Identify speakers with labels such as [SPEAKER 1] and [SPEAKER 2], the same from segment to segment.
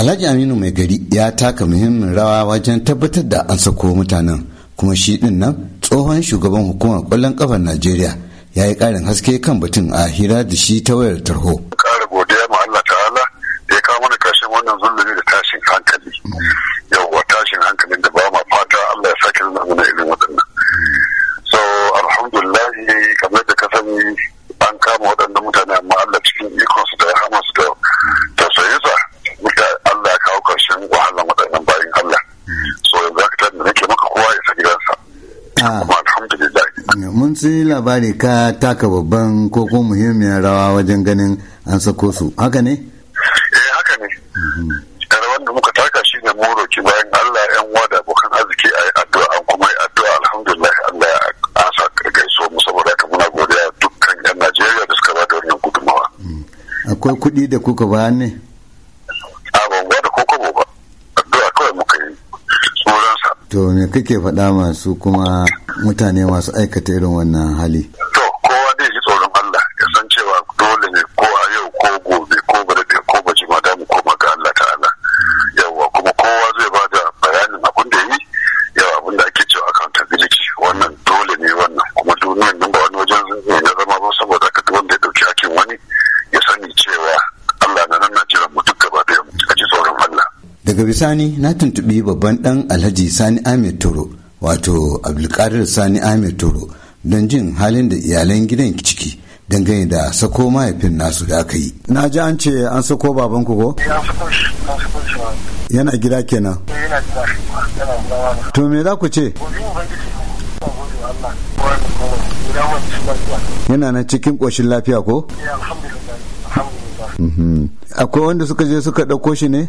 [SPEAKER 1] Alhaji Aminu mai gari ya taka muhimmin rawa wajen tabbatar da an sako mutanen kuma shi din nan tsohon shugaban hukumar kwallon kafar Najeriya ya yi ƙarin haske kan batun a hira da shi ta wayar tarho. Ƙara godiya ma Allah ta'ala
[SPEAKER 2] ya kawo mana ƙarshen wannan zulumi da tashin hankali. Mm.
[SPEAKER 1] mun ci labari ka taka babban ko ko muhimmiyar rawa wajen ganin an sako su haka ne eh haka ne
[SPEAKER 2] rawar da muka taka shi ne moro ki
[SPEAKER 1] bayan Allah yan wada da arziki a yi addu'a an kuma yi
[SPEAKER 2] addu'a alhamdulillah Allah ya asa gaiso mu saboda ka muna godiya dukkan yan Najeriya da suka bada wannan gudunmawa
[SPEAKER 1] akwai kuɗi da kuka ba ne a ban da ko kobo ba addu'a kawai muka yi tsoron sa to me kake faɗa masu kuma mutane masu aikata irin wannan hali to kowa zai ji tsoron Allah ya san cewa dole ne ko a yau ko gobe ko gobe ko baji
[SPEAKER 2] ma da mu koma ga Allah ta'ala Yawwa, kuma kowa zai ba da bayanin abin da yi yawa abin da ake cewa accountability wannan dole ne wannan kuma duniyar nan ba wani wajen ne na zama ba saboda ka duk wanda ya dauki hakin wani ya sani cewa Allah na nan na jiran mu duk gaba da mu ji tsoron
[SPEAKER 1] Allah daga bisani na tuntubi babban ɗan Alhaji Sani Ahmed Toro wato abdulkadir sani ahmed toro don jin halin da iyalan gidan ciki dangane da sako mahaifin nasu da aka yi na ji an ce an sako baban ku ko yana gida kenan
[SPEAKER 2] eh,
[SPEAKER 1] to me za ku ce yana na cikin ƙoshin lafiya ko eh, mhm. akwai wanda suka je suka ɗauko shi ne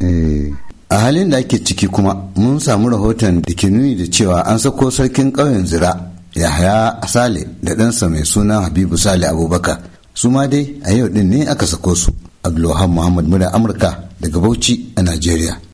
[SPEAKER 1] Eh, a halin da ake ciki kuma mun samu rahoton da ke nuni da cewa an sako sarkin ƙauyen zira yahaya sale da ɗansa mai suna habibu sale abubakar su ma dai a yau ɗin ne aka sako su abdulwahab muhammad muda amurka daga bauchi a najeriya